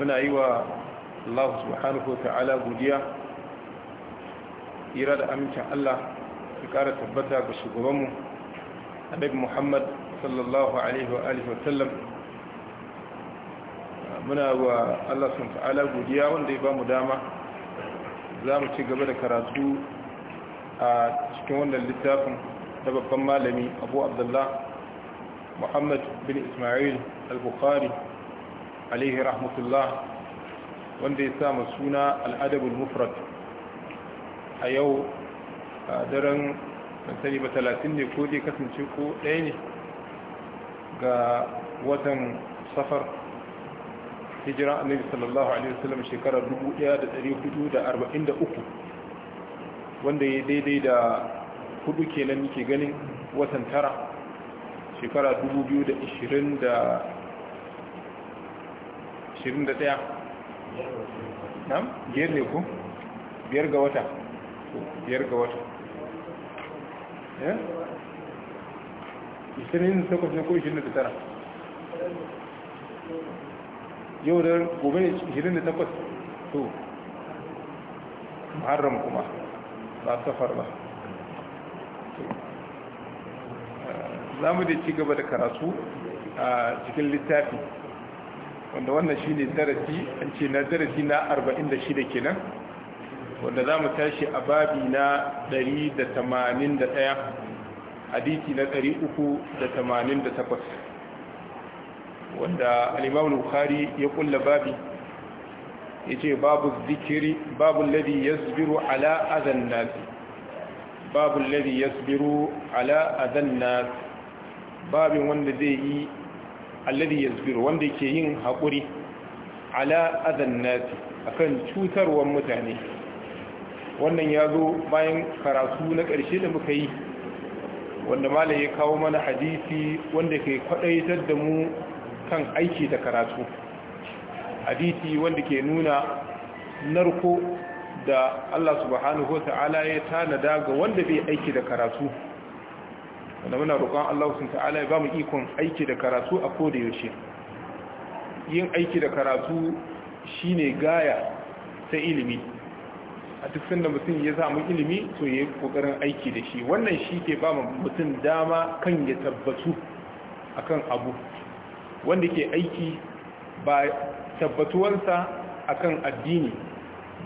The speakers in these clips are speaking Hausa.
muna yi wa Allah subhanahu ta'ala godiya ira da amincin Allah su kara tabbata ga shugabanmu annabi Muhammad sallallahu alaihi wa alihi wa sallam muna wa Allah subhanahu ta'ala godiya wanda ya ba mu dama za mu ci gaba da karatu a cikin wannan littafin na babban malami Abu Abdullah Muhammad bin Ismail al-Bukhari alaihi rahmatullah wanda ya samu suna al'adabul mufrad a yau a daren sani ba talatin ne ko dai kasance ko ɗaya ne ga watan safar hijira annabi sallallahu alaihi wasallam shekarar 1443 wanda ya daidai da hudu kenan nake ganin watan tara shekara 2022 tsaya nam biyar ne ku biyar ga wata biyar ga wata ya? Eh? 28 ne ko tara. yau da gobe ne takwas? to muharram kuma ba safar ba eh, za mu da ci gaba da karatu a cikin littafi wanda wannan shi ne darasi an ce na darasi na 46 kenan wanda za mu tashi a babi na 181 hadisi na 388 wanda al'imamun bukhari ya kulla babi ya ce babu zikiri babu ladi ya zubiru ala azan nasi babu ladi ya zubiru ala azan nasi babin wanda zai yi alladhi yasbiru wanda yake yin hakuri ala adan akan cutarwar mutane wannan ya zo bayan karatu na ƙarshe da muka yi wanda malaye ya kawo mana hadisi wanda ke kwadaitar da mu kan aiki da karatu hadisi wanda ke nuna narko da Allah subhanahu wa ta'ala ya tanada ga wanda bai aiki da karatu wanda muna roƙon Allah sun ta'ala ya ba mu ikon aiki da karatu a koda yaushe yin aiki da karatu shi ne gaya ta ilimi a duk sanda mutum ya samu ilimi to ya yi ƙoƙarin aiki da shi wannan shi ke ba mutum dama kan ya tabbatu akan abu wanda ke aiki ba tabbatuwarsa kan addini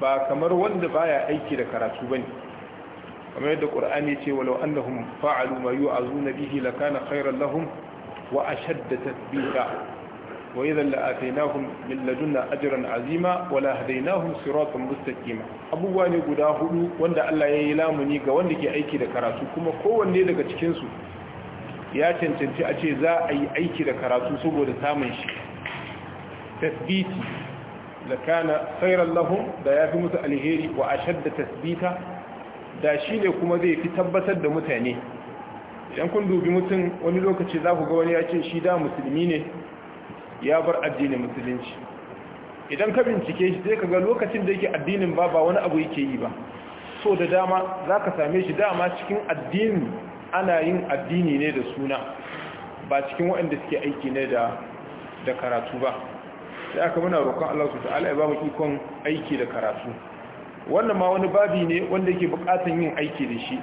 ba kamar wanda baya aiki da karatu ba ne. kamar yadda qur'ani ce walau annahum fa'alu ma yu'azuna bihi lakana khayran lahum wa ashadda tathbita wa idhan la'atainahum min ladunna ajran azima wa la hadainahum siratan mustaqima abubuwa ne guda hudu wanda Allah ya yi lamuni ga wanda ke aiki da karatu kuma kowanne daga cikin su ya cancanci a ce za a yi aiki da karatu saboda samun shi tasbiti lakana khayran lahum da yafi musu alheri wa ashadda tasbita da shi ne kuma zai fi tabbatar da mutane idan kun dubi mutum wani lokaci za ku ga wani ya ce shi da musulmi ne ya bar addinin musulunci idan ka bincike shi zai ka ga lokacin da yake addinin ba ba wani abu yake yi ba so da dama za ka same shi dama cikin addini ana yin addini ne da suna ba cikin waɗanda suke aiki ne da karatu ba sai aka muna roƙon Allah su ta'ala ya ba mu ikon aiki da karatu wannan ma wani babi ne wanda yake bukatan yin aiki da shi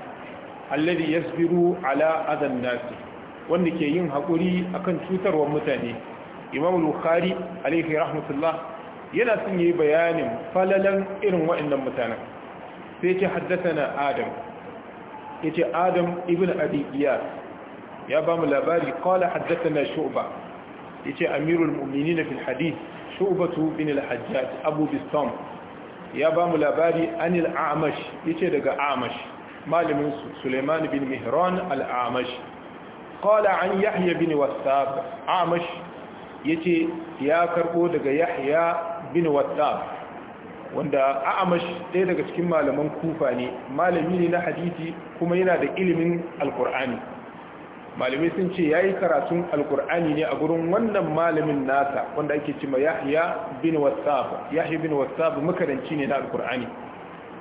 alladhi yasbiru ala adan nas wanda ke yin hakuri akan cutarwar mutane imam bukhari alaihi rahmatullah yana son yi bayanin falalan irin waɗannan mutanen sai ce haddathana adam yace adam ibn abi iyas ya ba mu labari qala haddathana shu'ba yace amirul mu'minin fil hadith shu'batu bin al-hajjaj abu bistam ya ba mu labari anil amash yace daga amash malamin Suleiman bin mihron al-Amash qala an Yahya bin wasab amash yace ya karbo daga Yahya bin wasap wanda amash ɗaya daga cikin malaman kufa ne malami ne na hadisi kuma yana da ilimin alkur'ani malamai sun ce ya yi karatun alkur'ani ne a gurin wannan malamin nasa wanda ake cima Yahya bin Wassab Yahya bin makaranci ne na alkur'ani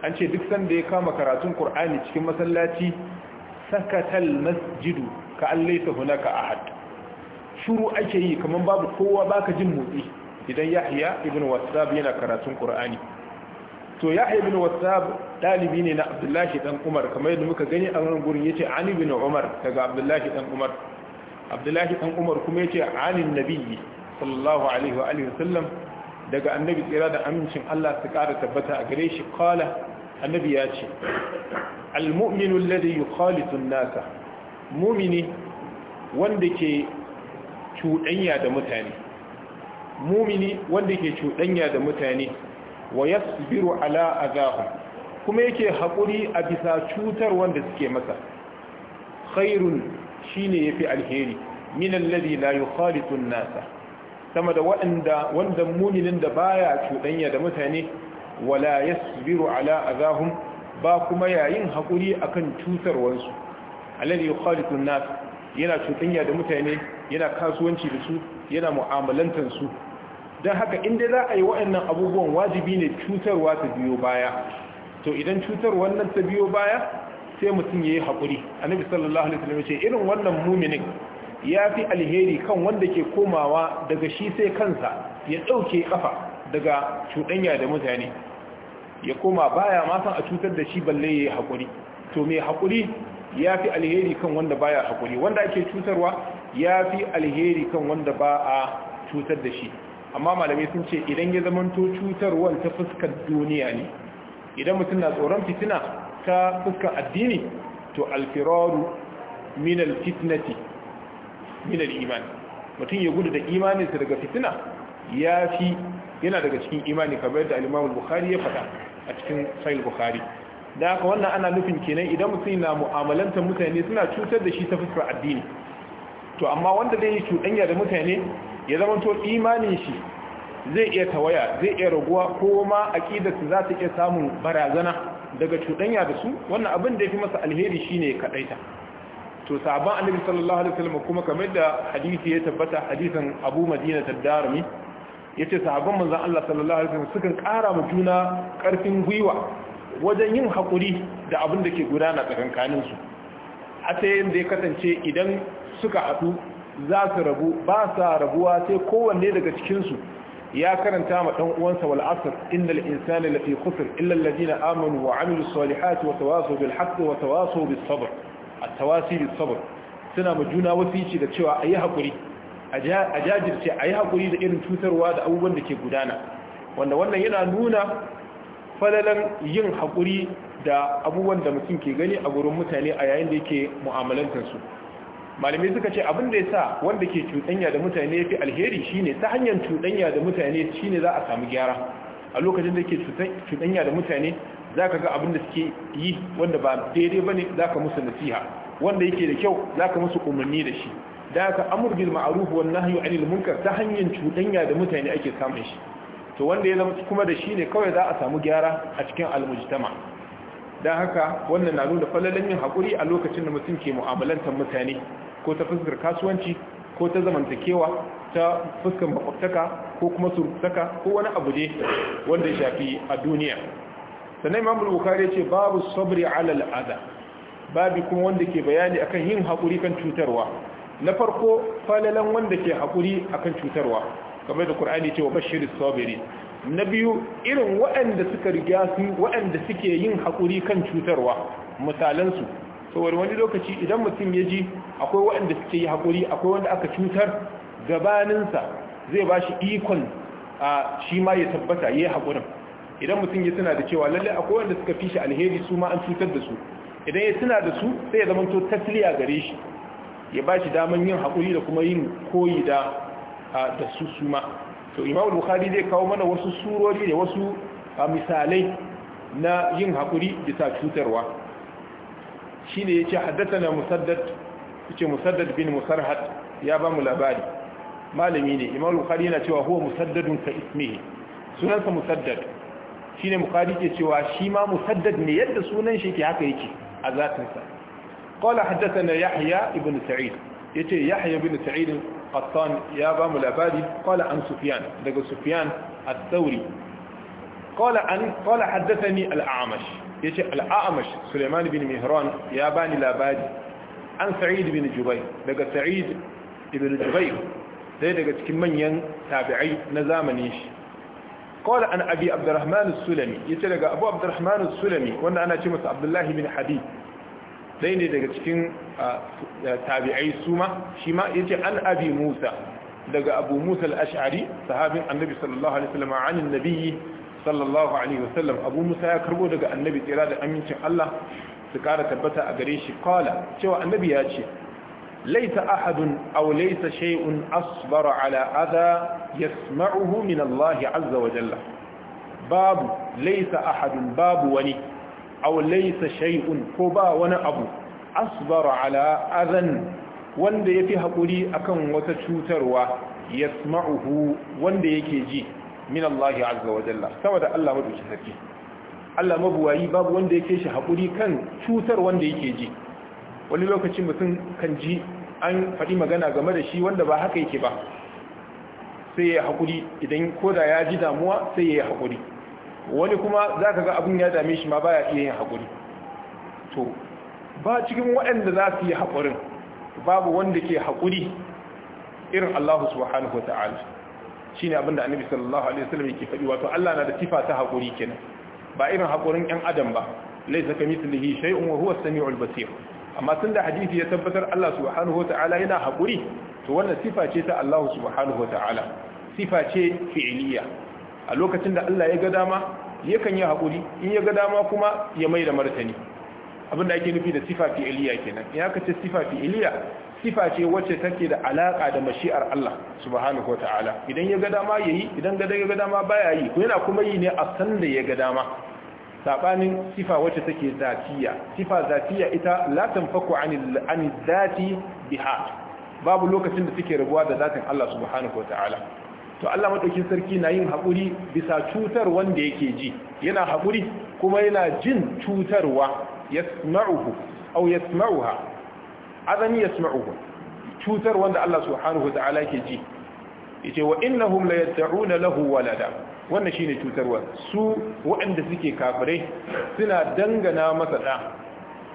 an ce duk sanda ya kama karatun kur'ani cikin masallaci sakatal masjidu ka allaita hunaka ahad shuru ake yi kamar babu kowa baka jin motsi idan Yahya ibn Wassab yana karatun kur'ani. to ya ibn wasab dalibi ne na abdullahi dan umar kamar yadda muka gani a wannan gurin yace ali ibn umar daga abdullahi dan umar abdullahi dan umar kuma yace ali annabi sallallahu alaihi wa alihi wasallam daga annabi tsira da amincin Allah su kara tabbata a gare shi qala annabi ya ce almu'minu alladhi yukhalitu an-nas mu'mini wanda ke cudanya da mutane mumini wanda ke cuɗanya da mutane wa yasbiru ala adahum kuma yake haƙuri a bisa cutar wanda suke masa khairun shine yafi alheri Minan alladhi la yukhalitu an-nasa sama da waɗanda wanda muminin da baya cuɗanya da mutane wala yasbiru ala adahum ba kuma yayin haƙuri akan cutarwansu alladhi yukhalitu an-nasa yana cuɗanya da mutane yana kasuwanci da su yana mu'amalantar su don haka inda za a yi wa'annan abubuwan wajibi ne cutarwa ta biyo baya to idan cutar wannan ta biyo baya sai mutum ya yi haƙuri annabi sallallahu alaihi wasallam ce irin wannan muminin ya fi alheri kan wanda ke komawa daga shi sai kansa ya ɗauke ƙafa daga cuɗanya da mutane ya koma baya ma san a cutar da shi balle ya yi haƙuri to mai haƙuri ya fi alheri kan wanda baya haƙuri wanda ake cutarwa ya fi alheri kan wanda ba a cutar da shi amma malamai sun ce idan ya zamanto cutarwar ta fuskar duniya ne idan mutum na tsoron fitina ta fuskar addini to alfiraru min alfitnati min aliman mutum ya gudu da imaninsa daga fitina ya fi yana daga cikin imani kamar da al bukhari ya faɗa a cikin Sahih Bukhari da haka wannan ana nufin kenan idan mutum na mu'amalantar mutane suna cutar da shi ta fuskar addini to amma wanda zai yi cuɗanya da mutane ya zama to imanin shi zai iya tawaya zai iya raguwa ko ma aqidarsa za ta iya samun barazana daga cuɗanya da su wannan abin da ya fi masa alheri shine kadaita to sabon annabi sallallahu alaihi wasallam kuma kamar da hadisi ya tabbata hadisin Abu Madina Tadarmi yace sahabban manzon Allah sallallahu alaihi wasallam sukan ƙara mu juna ƙarfin gwiwa wajen yin hakuri da abin da ke gudana tsakankanin su sai da ya kasance idan suka haɗu za su rabu ba sa rabuwa sai kowanne daga cikinsu ya karanta ma ɗan uwansa wal asr innal ne lafi khusr illa alladhina amanu wa amilus salihati wa tawasaw bil haqqi wa tawasaw bis sabr at tawasi bis sabr suna ma juna wasiici da cewa ayi hakuri a jajirce ayi hakuri da irin cutarwa da abubuwan da ke gudana wanda wannan yana nuna falalan yin haƙuri da abubuwan da mutum ke gani a gurin mutane a yayin da yake mu'amalantar su malamai suka ce abin da ya sa wanda ke cuɗanya da mutane ya fi alheri shine ta hanyar cuɗanya da mutane shine za a samu gyara a lokacin da ke cuɗanya da mutane za ka ga abin da suke yi wanda ba daidai ba ne za ka musu nasiha wanda yake da kyau za ka musu umarni da shi da aka amur ma'aruf ma'ruf wan nahyu anil munkar ta hanyar cuɗanya da mutane ake samun shi to wanda ya zama kuma da shi ne kawai za a samu gyara a cikin almujtama Da haka wannan na nuna falalan yin haƙuri a lokacin da mutum ke mu'amalantar mutane ko ta fuskar kasuwanci ko ta zamantakewa ta fuskar makwabtaka ko kuma surutaka ko wani abu ne wanda ya shafi a duniya sannan imam bukhari ce babu sabri alal al'ada babu kuma wanda ke bayani akan yin haƙuri kan cutarwa na farko falalan wanda ke haƙuri akan cutarwa kamar da qur'ani ce wa bashir sabiri na biyu irin waɗanda suka riga su waɗanda suke yin haƙuri kan cutarwa misalansu saboda wani lokaci idan mutum ya ji akwai waɗanda suke yi haƙuri akwai wanda aka cutar gabaninsa zai ba shi ikon a shi ma ya tabbata ya yi haƙurin idan mutum ya tuna da cewa lallai akwai wanda suka fi shi alheri su ma an cutar da su idan ya tuna da su sai ya zama to tasliya gare shi ya ba shi daman yin haƙuri da kuma yin koyi da da su su ma to imam bukhari zai kawo mana wasu surori da wasu misalai na yin haƙuri bisa cutarwa shine ce haddathana musaddad yace musaddad bin musarhad ya ba mu labari malami ne imam bukhari yana cewa huwa musaddadun ka ismihi sunansa musaddad shine bukhari ke cewa shi ma musaddad ne yadda sunan shi ke haka yake a zatin sa qala haddathana yahya ibn sa'id yace yahya ibn sa'id qattan ya ba mu labari qala an sufyan daga sufyan al thawri qala an qala haddathani al-a'mash ya ce al'amash suleiman bin mihron ya bani labari an sa'id bin jubai daga sa'id ibn jubai sai daga cikin manyan tabi'ai na zamani shi kawai an abi abdurrahman sulami ya ce daga abu abdurrahman sulami wanda ana ce masa abdullahi bin hadi sai ne daga cikin tabi'ai su ma shi ma ya ce an abi musa daga abu musa al'ash'ari sahabin annabi sallallahu anin nabiyyi sallallahu alaihi wasallam abu musa ya karbo daga annabi tsira da amincin Allah su kara tabbata a gare shi kala cewa annabi ya ce laisa ahadun aw laisa shay'un asbara ala adha yasma'uhu min Allah azza wa jalla babu laisa ahadun babu wani aw laisa shay'un ko ba wani abu asbara ala adhan wanda yafi hakuri akan wata cutarwa yasma'uhu wanda yake ji min Allah azza wa jalla saboda Allah madauki sarki Allah mabuwayi babu wanda yake shi hakuri kan cutar wanda yake ji wani lokacin mutum kan ji an faɗi magana game da shi wanda ba haka yake ba sai ya hakuri idan koda ya ji damuwa sai ya hakuri wani kuma zaka ga abun ya dame shi ma baya iya yin hakuri to ba cikin waɗanda za su yi haƙurin babu wanda ke haƙuri irin Allah subhanahu wa ta'ala ne abin da annabi sallallahu alaihi wasallam yake faɗi wato Allah na da sifa ta hakuri kenan ba irin hakurin ƴan adam ba laysa kamithlihi shay'un wa huwa as-sami'ul basir amma tun da hadisi ya tabbatar Allah subhanahu wataala yana hakuri to wannan sifa ce ta Allah subhanahu wataala sifa ce fi'liya a lokacin da Allah ya ga dama yakan yi hakuri in ya ga dama kuma ya mai da martani abinda ake nufi da sifa fi'liya kenan in aka ce sifa fi'liya sifa ce wacce take da alaka da mashi'ar Allah subhanahu wataala idan ya ga dama yayi idan ga ya ga dama baya yi ko yana kuma yi ne a san da ya ga dama sabanin sifa wacce take zatiya sifa zatiya ita la tanfaku an zati biha babu lokacin da take rabuwa da zatin Allah subhanahu wataala to Allah madaukin sarki na yin haƙuri bisa cutar wanda yake ji yana haƙuri kuma yana jin cutarwa yasma'uhu aw yasma'uha azami yasma'uhu cutar wanda Allah subhanahu wa ta'ala ke ji yace wa innahum la yad'una lahu walada wannan shine cutarwa su waɗanda suke kafirai suna dangana masa da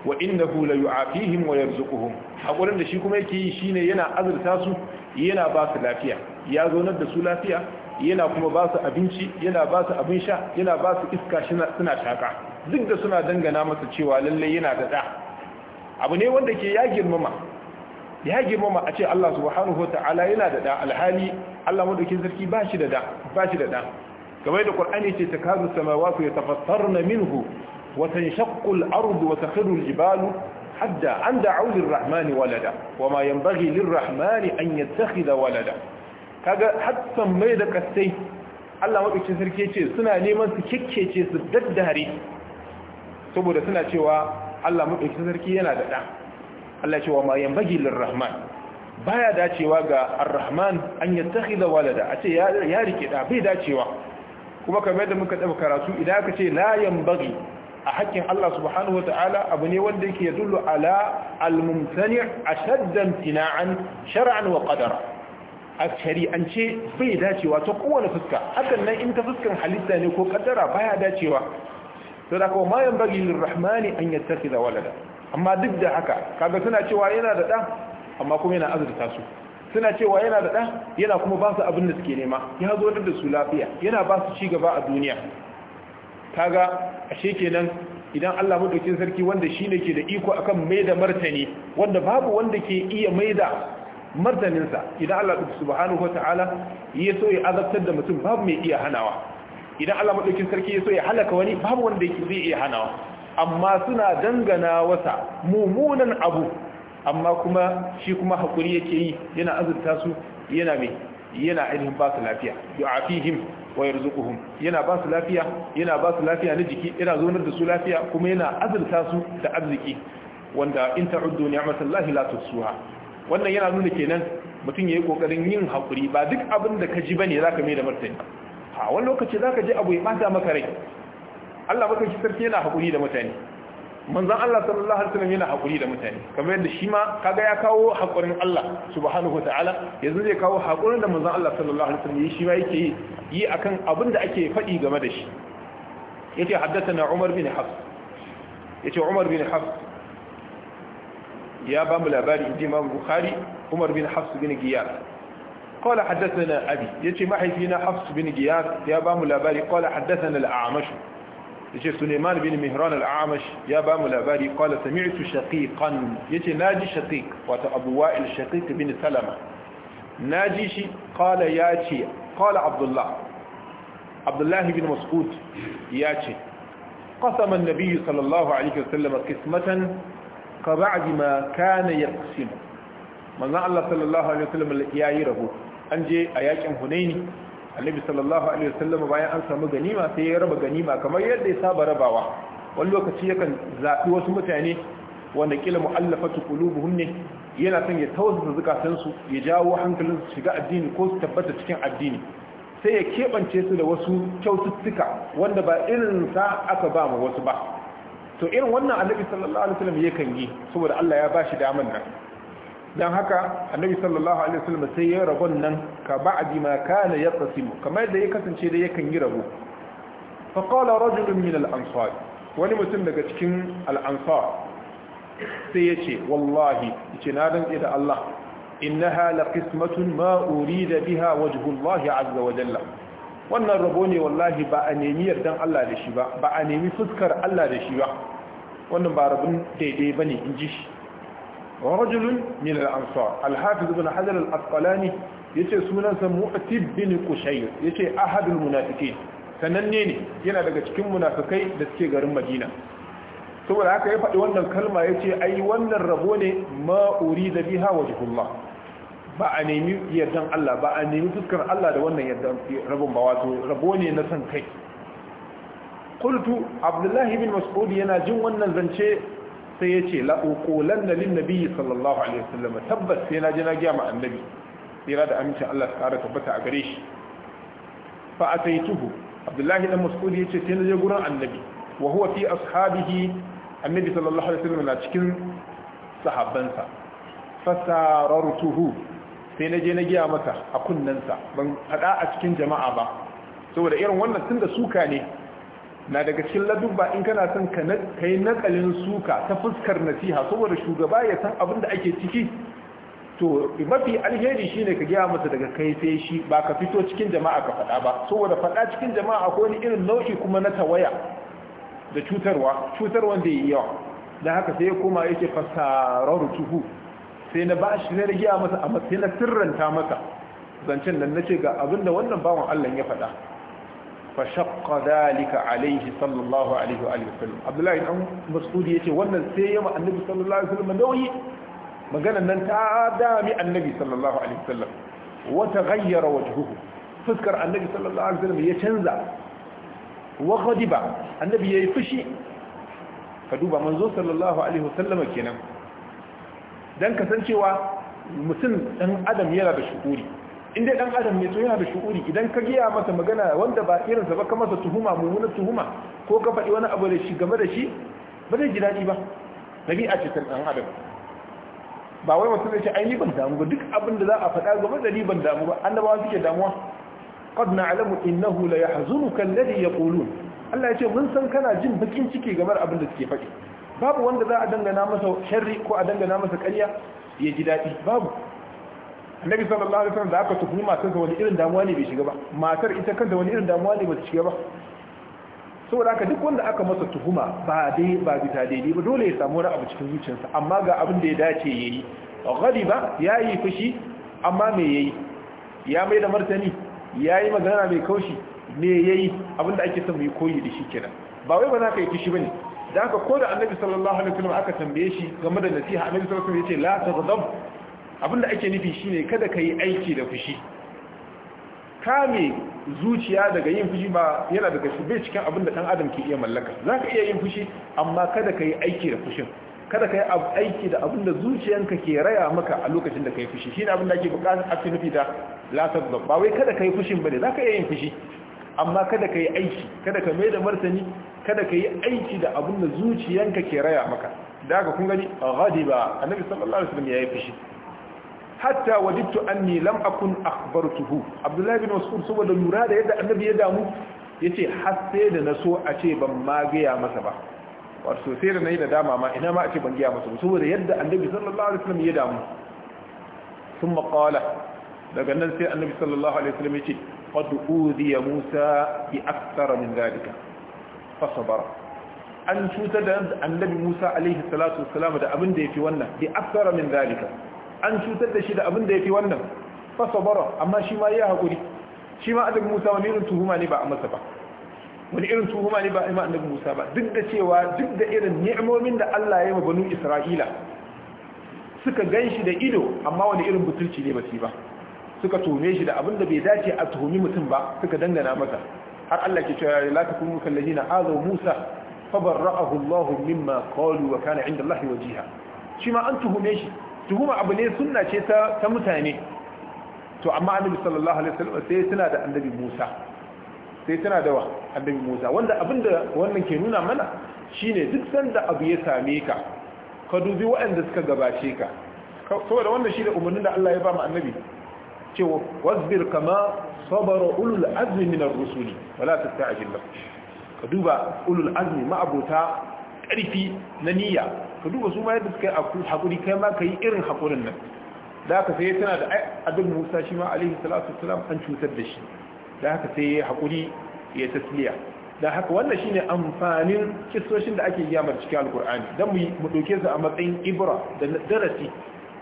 wa innahu la yu'afihim wa yarzuquhum hakurin da shi kuma yake yi shine yana azurta su yana ba su lafiya ya zaunar da su lafiya yana kuma ba su abinci yana ba su abin sha yana ba su iska suna shaka duk da suna dangana masa cewa lalle yana da da abu ne wanda ke ya girmama ya girmama a ce Allah subhanahu wa ta'ala yana da da alhali Allah madaukin sarki ba shi da da ba shi da da kamar da Qur'ani ce ta ya samawati na minhu wa tanshaqqu al-ardu wa takhiru al-jibalu hadda an da'u lir-rahmani walada wa ma yanbaghi lir-rahmani an yattakhidha walada kaga hatta mai da kasai Allah madaukin sarki ce suna neman su kikkece su daddare saboda suna cewa Allah maɗaukin sarki yana da ɗa Allah cewa ma yan bagi lirrahman baya dacewa ga arrahman an yattakhidha walada a ce ya rike ɗa bai dacewa kuma kamar da muka taɓa karatu idan aka ce la yan bagi a haƙƙin Allah subhanahu wata'ala abu ne wanda yake yadullu ala al a shaddan tina'an shar'an wa a shari'ance bai dacewa ta kowane fuska hakan nan in ta fuskan halitta ne ko ba baya dacewa to da kuma mayan bagi lirrahmani an tafi da walada amma duk da haka kaga suna cewa yana da ɗa amma kuma yana azurta su suna cewa yana da ɗa yana kuma ba su abin da suke nema ya zo da su lafiya yana ba su ci gaba a duniya kaga ashe nan idan Allah madaukin sarki wanda shi ne ke da iko akan mai da martani wanda babu wanda ke iya mai da martaninsa idan Allah subhanahu wataala ya so ya azabtar da mutum babu mai iya hanawa idan Allah madaukin sarki ya so ya halaka wani babu wanda yake zai iya hanawa amma suna dangana wasa mumunan abu amma kuma shi kuma hakuri yake yi yana azurta su yana mai yana ainihin ba su lafiya yu'afihim wa yarzuquhum yana ba su lafiya yana ba su lafiya na jiki yana zonar da su lafiya kuma yana azurta su da arziki wanda in ta'uddu ni'matallahi la tusuha wannan yana nuna kenan mutum yayi kokarin yin hakuri ba duk abin da ka ji bane zaka mai da martani a wani lokaci za ka ji abu ya ɓata maka rai Allah maka shi sarki yana haƙuri da mutane manzan Allah sallallahu alaihi wasallam yana haƙuri da mutane kamar yadda shi ma kaga ya kawo haƙurin Allah subhanahu wataala yanzu zai kawo haƙurin da manzan Allah sallallahu alaihi wasallam shi ma yake yi yi akan abin da ake faɗi game da shi yace haddathana Umar bin Hafs yace Umar bin Hafs ya ba mu labari inji Imam Bukhari Umar bin Hafs bin Giyar قال حدثنا أبي يتي معي فينا حفص بن جياد يا بام الأباري قال حدثنا الأعمش يتي سليمان بن مهران الأعمش يا بام الأباري قال سمعت شقيقا يتي ناجي شقيق أبو وائل شقيق بن سلمة ناجي قال ياتي قال عبد الله عبد الله بن مسعود ياتي قسم النبي صلى الله عليه وسلم قسمة كبعد ما كان يقسم manzan الله صلى الله عليه وسلم yi rahoto an je a yakin hunaini annabi sallallahu alaihi wasallam bayan an samu ganima sai ya raba ganima kamar yadda ya saba rabawa wani lokaci yakan zaɓi wasu mutane wanda kila mu'allafatu qulubuhum ne yana son ya tausasa su ya jawo hankalin su shiga addini ko su tabbata cikin addini sai ya kebance su da wasu kyaututtuka wanda ba irin sa aka ba mu wasu ba to irin wannan annabi sallallahu alaihi wasallam yakan yi saboda Allah ya bashi daman nan don haka annabi sallallahu alaihi wasallam sai ya rabon nan ka ba'di ma kana yaqsimu kamar yadda ya kasance da yakan yi rabo fa qala rajulun min al-ansar wani mutum daga cikin al-ansar sai yace wallahi yace na dan da Allah innaha laqismatun ma urida biha wajhu Allah azza wa jalla wannan rabo ne wallahi ba a nemi yardan Allah da shi ba ba a nemi fuskar Allah da shi ba wannan ba rabun daidai bane in ji shi wa rajulun min al-ansar al-hafiz ibn hajar al-asqalani yace sunansa mu'tib bin qushayr yace ahadul munafiqin sananne ne yana daga cikin munafikai da suke garin madina saboda haka ya faɗi wannan kalma ya yace ai wannan rabo ne ma urida biha wajhullah ba a nemi yardan Allah ba a nemi fuskar Allah da wannan yardan rabon ba wato rabo ne na san kai Kultu abdullahi bin mas'ud yana jin wannan zance sai ya ce la'ukulan da lin nabi sallallahu alaihi wasallama tabbas sai na je na gaya ma annabi tsira da amincin Allah ta kara tabbata a gare shi fa a sai tuhu abdullahi dan mas'ud ya ce sai na je gurin annabi wa huwa fi ashabihi annabi sallallahu alaihi wasallama na cikin sahabbansa sai na je na gaya mata a sa ban haɗa a cikin jama'a ba saboda irin wannan da suka ne na daga cikin ladubba in kana son ka yi nakalin suka ta fuskar nasiha saboda shugaba ya san abin da ake ciki to mafi alheri shine ka gaya masa daga kai sai shi ba ka fito cikin jama'a ka faɗa ba saboda faɗa cikin jama'a akwai wani irin nau'i kuma na tawaya da cutarwa wanda da yi yawa da haka sai ya koma yake fasarar tuhu sai na ba shi na gaya masa a matsayin na sirranta masa zancen nan na ce ga abinda wannan bawan Allah ya faɗa fa shaqqa dhalika alayhi sallallahu alaihi wa alihi wasallam abdullahi dan mas'ud yace wannan sai ya ma annabi sallallahu alaihi wasallam nauyi maganan nan ta dami annabi sallallahu alaihi wasallam wa taghayyara wajhuhu fuskar annabi sallallahu alaihi wasallam ya canza wa ghadiba annabi yayi fushi ka duba manzo sallallahu alaihi wasallam kenan dan kasancewa mutum dan adam yana da shukuri Inda dai dan adam ne to yana da shu'uri idan ka giya masa magana wanda ba irinsa ba ka masa tuhuma mummunar tuhuma ko ka faɗi wani abu da shi game da shi ba zai ji daɗi ba ɗabi'a ce ta ɗan adam ba wai mutum zai ce ai ni ban damu ba duk abin da za a faɗa game da ni ban damu ba annabawa suke damuwa qad na'lamu innahu la yahzunuka alladhi yaqulun Allah ya ce mun san kana jin bakin ciki game da abin da suke faɗi babu wanda za a dangana masa sharri ko a dangana masa ƙarya ya ji daɗi babu nabi sallallahu alaihi wasallam da aka tuhumi da wani irin damuwa ne bai shiga ba matar ita kanta wani irin damuwa ne bai shiga ba saboda haka duk wanda aka masa tuhuma ba dai ba bisa daidai ba dole ya samu wani abu cikin zuciyarsa amma ga abin da ya dace yayi ghaliba yayi fushi amma me yayi ya mai da martani yayi magana mai kaushi me yayi abinda ake son mu koyi da shi kenan ba wai ba za ka yi fushi bane da haka ko da annabi sallallahu alaihi wasallam aka tambaye shi game da nasiha annabi sallallahu alaihi wasallam ce, la taghdab Abin da ake nufi shine kada ka yi aiki da fushi kame zuciya daga yin fushi ba yana daga shi bai cikin abinda ɗan adam ke iya mallaka za ka iya yin fushi amma kada ka yi aiki da fushin kada ka yi aiki da abinda zuciyanka ke raya maka a lokacin da ka yi fushi shine abinda ake bukatar ake nufi da latar ba wai kada ka yi fushin ba ne za ka iya yin fushi amma kada ka yi aiki kada ka mai da martani kada ka yi aiki da abin da zuciyanka ke raya maka da aka kun gani a ba annabi sallallahu alaihi wasallam ya yi fushi hatta wajibtu anni lam akun tuhu? abdullahi bin mas'ud saboda lura da yadda annabi ya damu yace har sai da naso a ce ban ma masa ba wato sai da nayi da dama ma ina ma a ce ban gaya masa ba saboda yadda annabi sallallahu ya damu thumma qala daga nan sai annabi sallallahu alaihi wasallam yace qad udhiya musa bi akthar min zalika fa sabara an cutar da annabi musa alaihi da abin da yafi wannan bi akthar min zalika an cutar da shi da abin da ya fi wannan fasabara amma shi ma ya haƙuri shi ma annabi musa wani irin tuhuma ne ba a masa ba wani irin tuhuma ne ba a annabi musa ba duk da cewa duk da irin ni'imomin da allah ya yi wa banu isra'ila suka gan shi da ido amma wani irin butulci ne ba su ba suka tuhume shi da abin da bai dace a tuhumi mutum ba suka dangana masa har allah ke cewa la takunu kallazina azaw musa fabarra'ahu allah mimma qalu wa kana 'inda allah wajiha shi ma an tuhume shi tuhuma abu ne sunna ce ta mutane to amma annabi sallallahu alaihi wasallam sai tana da annabi Musa sai tana da wa annabi Musa wanda abinda wannan ke nuna mana shine duk sanda abu ya same ka ka dubi waɗanda suka gabace ka saboda wannan shi da umarnin da Allah ya ba mu annabi cewa wasbir kama sabara ulul azmi min ar-rusuli wala tasta'jil lahum ka duba ulul azmi abuta ƙarfi na niyya ka duba su ma yadda suka yi haƙuri kai ma ka yi irin haƙurin nan da aka sai tana da abin musa shi ma alaihi salatu wasalam an cutar da shi da haka sai ya haƙuri ya tasliya da haka wannan shine amfanin kissoshin da ake yi mar cikin alkur'ani dan mu ɗauke su a matsayin ibra da darasi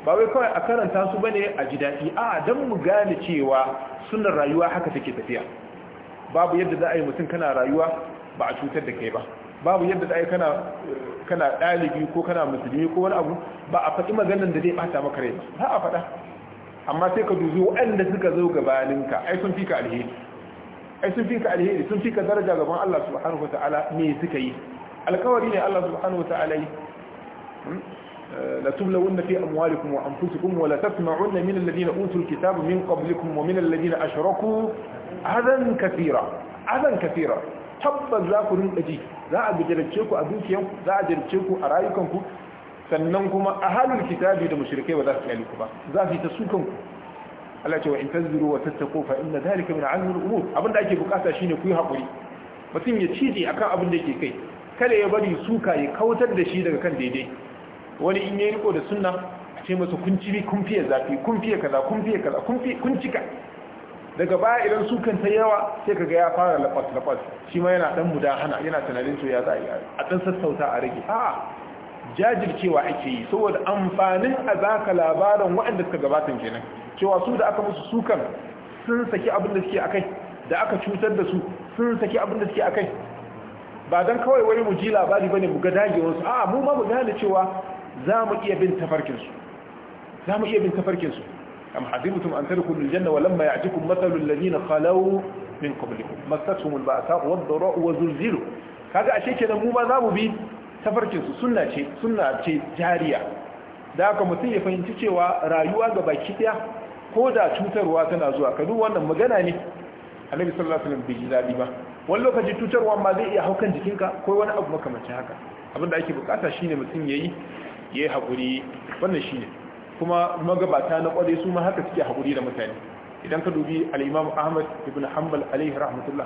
ba wai kawai a karanta su bane a ji daɗi a dan mu gane cewa sunan rayuwa haka take tafiya babu yadda za a yi mutum kana rayuwa ba a cutar da kai ba babu yadda ɗaya kana kana dalibi ko kana musulmi ko wani abu ba a faɗi maganar da zai bata maka rai ba a faɗa amma sai ka dubi waɗanda suka zo gabaninka ai sun fi ka alheri ai sun fi fika alheri sun fi ka daraja gaban Allah subhanahu wataala me suka yi alkawari ne Allah subhanahu wataala yi hmm? eh, la tublawunna fi amwalikum wa anfusikum wa la tasma'unna min alladhina utul kitaba min qablikum wa min alladhina ashraku adan kathira adan kathira tabbas za ku rinka ji za a gajarce ku a dukiyanku za a gajarce ku a rayukanku sannan kuma a halin kitabi da mushrikai ba za su yi ku ba za su yi ta sukan ku Allah ce wa in tazuru wa tattaqu fa inna zalika min al umur da ake bukata shine ku yi hakuri mutum ya cije akan abin da yake kai kada ya bari suka ya kautar da shi daga kan daidai wani in ya riko da sunna a ce masa kun ciri kun fiye zafi kun fiye kaza kun fiye kaza kun fiye kun daga baya idan sukan ta yawa sai kaga ya fara lafas lafas shi ma yana dan mudahana yana tunanin to ya za a dan sassauta a rage a jajircewa ake yi saboda amfanin a zaka labaran waɗanda suka gabatan kenan cewa su da aka musu sukan sun saki abin da suke akai da aka cutar da su sun saki abin da suke akai ba dan kawai wani mu ji labari bane mu ga dagewar su a mu ma mu gane cewa za mu iya bin tafarkin su za mu iya bin tafarkin su am hasibtum an tadkhulu janna wa lamma ya'tikum mathalu alladhina khalaw min qablikum massatuhum alba'sa wad-dhara'u wa zulzilu kaga ashe kenan mu ma za mu bi tafarkin su sunna ce sunna ce jariya da haka mutum ya fahimci cewa rayuwa ga baki daya ko da cutarwa tana zuwa ka duk wannan magana ne annabi sallallahu alaihi wasallam bai ji ba wani lokaci cutarwa ma zai iya haukan jikinka ko wani abu makamancin haka Abin da ake bukata shine mutum yayi yayi hakuri wannan shine kuma magabata na kwarai su ma haka suke haƙuri da mutane idan ka dubi al'imamu ahmad ibn hanbal alaihi rahmatullah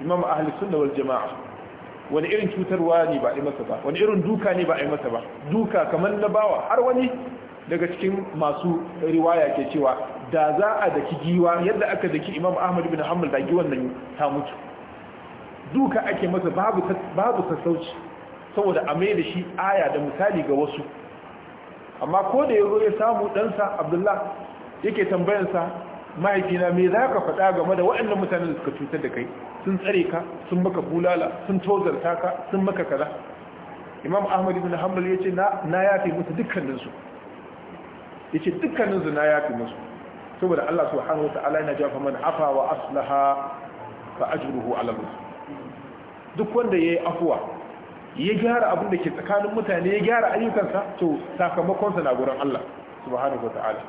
imam ahli sunna wal jama'a wani irin cutarwa ne ba a yi masa ba wani irin duka ne ba a yi masa ba duka kamar na bawa har wani daga cikin masu riwaya ke cewa da za a daki giwa yadda aka daki imam ahmad ibn hanbal da giwan nan ta mutu duka ake masa babu babu sassauci saboda a mai da shi aya da misali ga wasu amma ko da ya zo ya samu ɗansa abdullah yake tambayansa mahaifina me za ka faɗa game da waɗannan mutanen da suka cutar da kai sun tsare ka sun maka bulala sun tozarta ka sun maka kaza imam ahmad ibn hanbal ya ce na yafe musu dukkaninsu ya ce dukkaninsu na yafe musu saboda allah hannu wa ala yana jafa man afa wa aslaha fa ajiyar ala duk wanda ya yi afuwa ya gyara abin da ke tsakanin mutane ya gyara ayyukansa to sakamakonsa na gurin Allah subhanahu wataala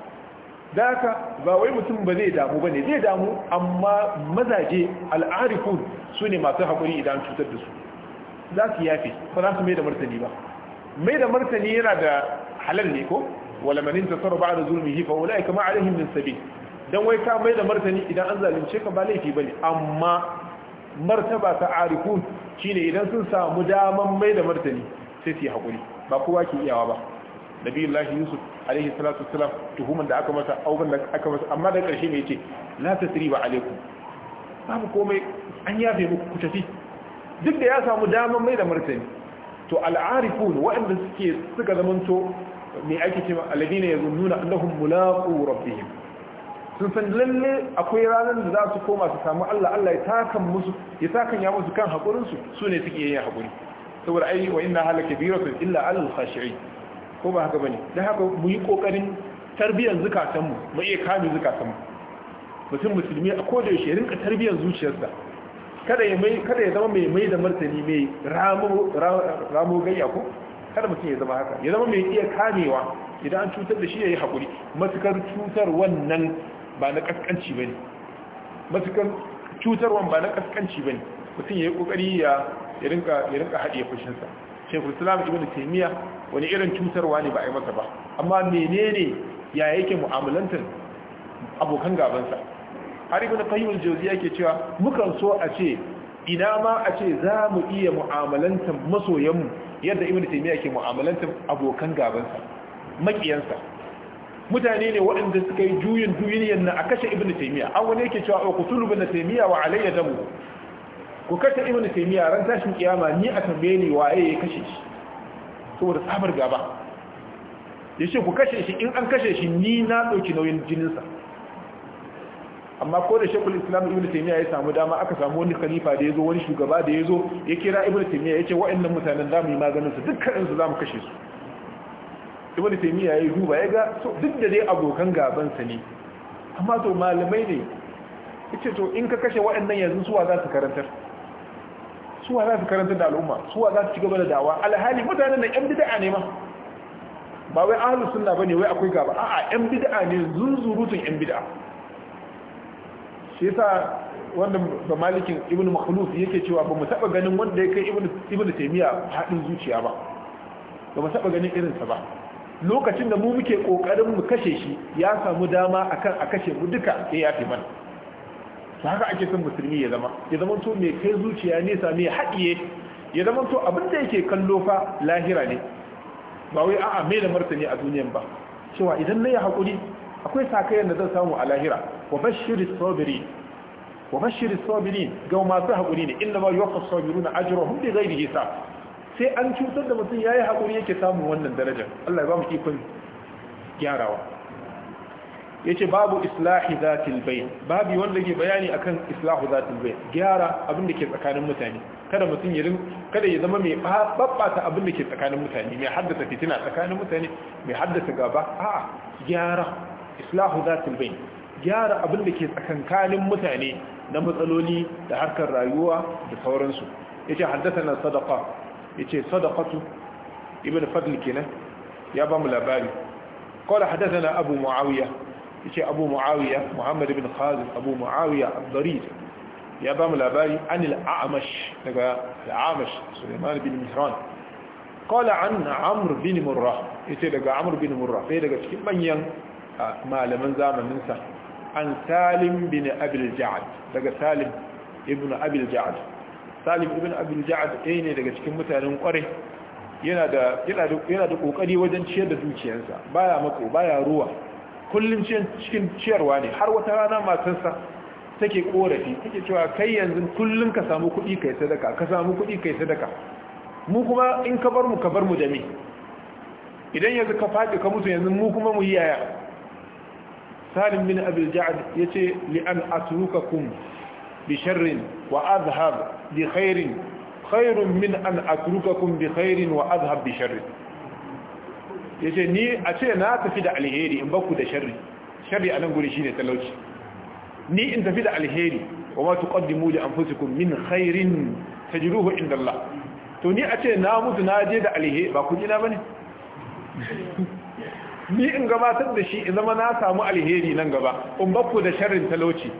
da haka ba wai mutum ba zai damu ba ne zai damu amma mazaje al'arifun su ne masu haƙuri idan cutar da su za su yafe ba za su mai da martani ba mai da martani yana da halal ne ko wala manin ta sarrafa da zulmihi fa ulai kama alaihim min sabi dan wai ka mai da martani idan an zalunce ka ba laifi bane amma martaba ta arifun shine idan sun samu daman mai da martani sai su yi hakuri ba kowa ke iyawa ba nabiyullahi yusuf alaihi salatu wassalam tuhuman da aka masa augan da aka masa amma da ƙarshe me yace la tasriba alaikum babu komai an yafe muku ku tafi duk da ya samu daman mai da martani to al'arifun waɗanda suke suka zamanto mai ake cewa alladina yazunnuna annahum mulaqu rabbihim sun san lalle akwai ranar da za su koma su samu Allah Allah ya takan ya musu kan haƙurinsu su ne suke yin haƙuri saboda ai wa inna hala kabiratun illa al khashi'i ko ba haka bane dan haka mu yi kokarin tarbiyyar zukatan mu mu iya kame zukatan mu mutum musulmi a koda yaushe rinka tarbiyyar zuciyarsa kada ya mai kada ya zama mai mai da martani mai ramo ramo gayya ko kada mutum ya zama haka ya zama mai iya kamewa idan an cutar da shi yayi hakuri matukar cutar wannan ba na kaskanci ba ne matukan cutarwan ba na kaskanci ba ne mutum ya yi kokari ya rinka haɗe fushinsa shekul islam ibn taimiyya wani irin cutarwa ne ba a yi masa ba amma menene ya yake mu'amalantar abokan gabansa har ibn qayyim al-jawziy yake cewa mukan so a ce ina ma a ce za mu iya mu'amalantar masoyanmu yadda ibn taimiyya ke mu'amalantar abokan gabansa makiyansa mutane ne waɗanda suka yi juyin duniyar na a kashe ibn taimiyya an wani yake cewa ku tulu ibn taimiyya wa alayya damu ku kashe ibn taimiyya ran tashin kiyama ni a tambaye ni waye ya kashe shi saboda sabar gaba Ya ce ku kashe shi in an kashe shi ni na dauki nauyin jininsa amma ko da shekul islam ibn taimiyya ya samu dama aka samu wani khalifa da ya zo wani shugaba da ya zo ya kira ibn ya ce wa'annan mutanen mu yi maganinsu su dukkan su zamu kashe su ibn taymiya ya yi duba ya ga duk da dai abokan gaban sa ne amma to malamai ne yace to in ka kashe waɗannan yanzu suwa za su karantar suwa za su karantar da al'umma suwa za su ci gaba da dawa alhali mutanen da yan bid'a ne ma ba wai ahlus sunna bane wai akwai gaba a'a yan bid'a ne zunzurutun yan bid'a shi yasa wanda ba malikin ibnu makhluf yake cewa ba mu taba ganin wanda ya kai ibnu ibnu taymiya hadin zuciya ba ba mu taba ganin irinsa ba lokacin da mu muke kokarin mu kashe shi ya samu dama akan a kashe mu duka sai ya fi mana to haka ake son musulmi ya zama ya zama to mai kai zuciya nesa mai haɗiye ya zama to abin da yake kallo fa lahira ne ba wai a'a mai da martani a duniyan ba cewa idan na yi haƙuri akwai sakayen da zan samu a lahira wa bashirin sabiri wa bashirin sabiri ga masu haƙuri ne inda ba yi wasu sabiru na ajiyar hudu zai da sai an cutar da mutum ya yayi hakuri yake samun wannan darajar Allah ya ba mu ikon gyarawa Ya ce babu islahi zatil bayn babu wanda ke bayani akan islahu zatil bayn gyara abin da ke tsakanin mutane kada mutum ya rin kada ya zama mai babbata abin da ke tsakanin mutane mai haddasa fitina tsakanin mutane mai haddasa gaba a'a gyara islahu zatil bayn gyara abin da ke tsakankanin mutane na matsaloli da harkar rayuwa da sauransu Ya ce haddasa na sadaqa yace sadaqatu ibn fadl kenan ya ba mu labari qala hadathana abu muawiya yace abu muawiya muhammad ibn khazim abu muawiya ad-darir ya ba mu labari anil a'mash daga al-a'mash sulaiman bin mihran qala an amr bin murrah yace daga amr bin murrah sai daga cikin manyan malaman zamanin sa an salim bin abil ja'ad daga salim ibn abil ja'ad salim ibn abdul ja'ad ɗaya ne daga cikin mutanen kwarai yana da yana da kokari wajen ciyar da dukiyarsa baya mako baya ruwa kullum cikin ciyarwa ne har wata rana matarsa take korafi take cewa kai yanzu kullum ka samu kuɗi kai sadaka ka samu kuɗi kai sadaka mu kuma in ka bar mu ka bar mu da me idan yanzu ka faɗi ka mutu yanzu mu kuma mu yi yaya salim bin abul ja'ad yace li an atrukakum bi sharrin wa azhab bi khairin khairun min an atrukakum bi khairin wa adhhab bi sharri yace ni a ce na tafi da alheri in baku da sharri sharri anan guri shine talauci ni in tafi da alheri wa ma tuqaddimu li anfusikum min khairin tajruhu inda Allah to ni a ce na mutu na je da ba ku ni in gabatar da shi in zama na samu alheri nan gaba in baku da sharrin talauci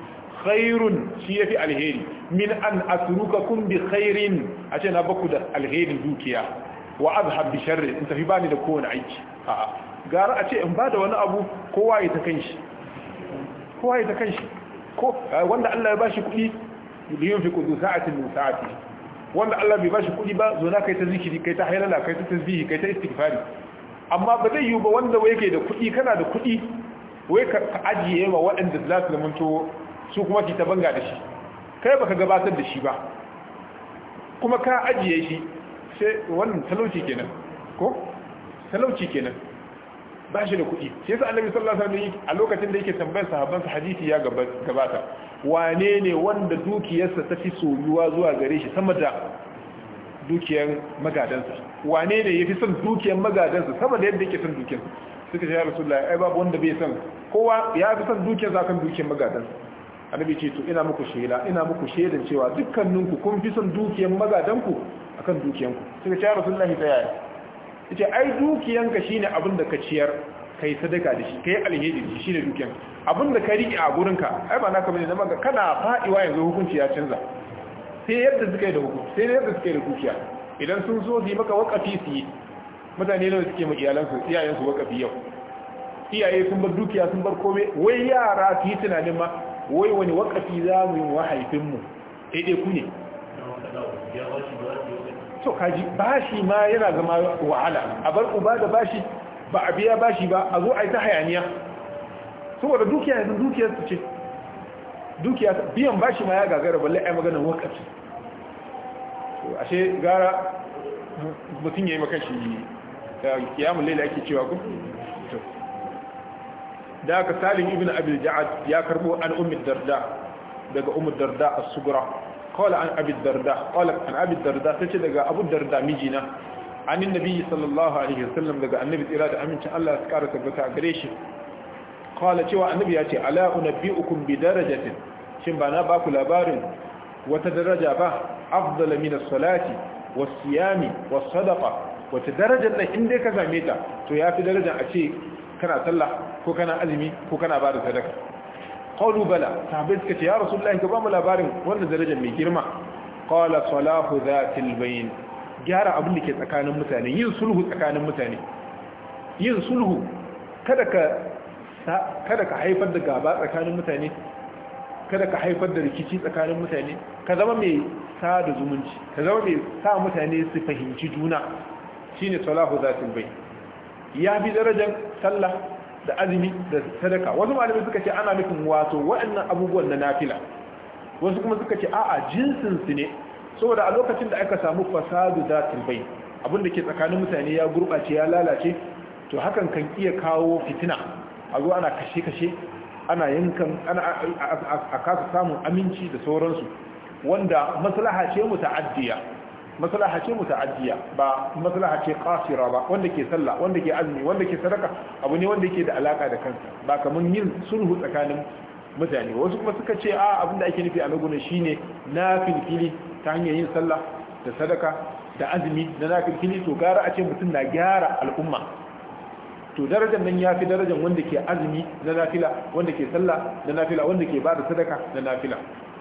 khairun shi ya fi alheri min an kun bi khairin a ce na baku da alherin dukiya wa azhab bi sharri in tafi bani da kowane aiki a'a gara a ce in ba da wani abu kowa ya ta kanshi kowa ya ta kanshi ko wanda Allah ya bashi kuɗi liyunfiqu zu sa'atin min sa'ati wanda Allah bai bashi kuɗi ba zo na kai ta zikiri kai ta hailala kai ta tasbihi kai ta istighfari amma ba zai yiwu ba wanda wai ke da kuɗi kana da kuɗi wai ka ajiye ma waɗanda za su zamanto su kuma su ta banga da shi kai baka gabatar da shi ba kuma ka ajiye shi sai wannan talauci kenan ko talauci kenan ba shi da kuɗi sai sa annabi sallallahu alaihi wasallam a lokacin da yake tambayar sahabban sa hadisi ya gabata wane ne wanda dukiyarsa ta fi soyuwa zuwa gare shi sama da dukiyar magadansa wane ne yafi son dukiyar magadansa sama da yadda yake son dukiyarsa? suka ce ya rasulullahi ai babu wanda bai son kowa ya fi son dukiyarsa kan dukiyar magadansa annabi ce to ina muku shela ina muku shedan cewa dukkaninku kun fi son dukiyar mazajenku akan dukiyanku suka ce ya rasulullahi ta yaya yace ai dukiyanka shine abin da ka ciyar kai sadaka da shi kai alheri da shi shine dukiyanka abin da ka riki a gurinka ai ba naka bane ka kana faɗiwa yanzu hukunci ya canza sai yadda suka yi da hukunci sai yadda suka yi da dukiya idan sun zo su yi maka wakafi su yi mutane nawa suke ma iyalansu iyayensu wakafi yau iyaye sun bar dukiya sun bar komai wai yara su yi tunanin ma wai wani wakafi za mu yi wahaifinmu daidai eh, ku ne so kaji bashi ma yana zama wahala a bar uba da bashi ba a biya bashi ba a zo a yi ta hayaniya saboda dukiya yanzu dukiyar su ce dukiya biyan bashi ma ya gagara balle ai maganar wakafi ashe gara mutum ya yi makashi eh, kiyamun laila ake cewa ku da aka salim ibn abil ja'ad ya karbo an ummi darda daga ummi darda as-sugra qala an abi darda qala an abi darda tace daga abu darda mijina an annabi sallallahu alaihi wasallam daga annabi tsira da amincin Allah ya kara tabbata gare shi qala cewa annabi ya ce ala unabbiukum bi darajatin shin ba na ba ku labarin wata daraja ba afdala min as-salati was-siyami was-sadaqa wata darajar nan in dai ka same ta to ya fi darajar a ce kana sallah ko kana azumi ko kana bada sadaka qalu bala sahabbai suka ce ya rasulullahi ka ba mu labarin wanda darajar mai girma qala salahu zatil bayn gyara abin da ke tsakanin mutane yin sulhu tsakanin mutane yin sulhu kada ka kada ka haifar da gaba tsakanin mutane kada ka haifar da rikici tsakanin mutane ka zama mai sa da zumunci ka zama mai sa mutane su fahimci juna shine salahu zatil bayn ya bi darajar sallah da azumi da sadaka wasu malamai suka ce ana nufin wato waɗannan abubuwan na nafila wasu kuma suka ce a'a jinsin su ne saboda a lokacin da aka samu fasadu da tilbai abin da ke tsakanin mutane ya gurɓace ya lalace to hakan kan iya kawo fitina a zo ana kashe-kashe ana yankan ana a kasa samun aminci da sauransu wanda maslaha ce mu ta'addiya maslaha ce muta'addiya ba maslaha ce qasira ba wanda ke sallah wanda ke azumi wanda ke sadaka abu ne wanda yake da alaka da kansa ba kaman yin sulhu tsakanin mutane wasu kuma suka ce a abin da ake nufi a nagunan shine nafil fili ta hanyar yin sallah da sadaka da azumi da nafil fili to gara a ce mutum na gyara al'umma to darajar nan ya fi darajar wanda ke azumi na nafila wanda ke sallah na nafila wanda ke ba da sadaka na nafila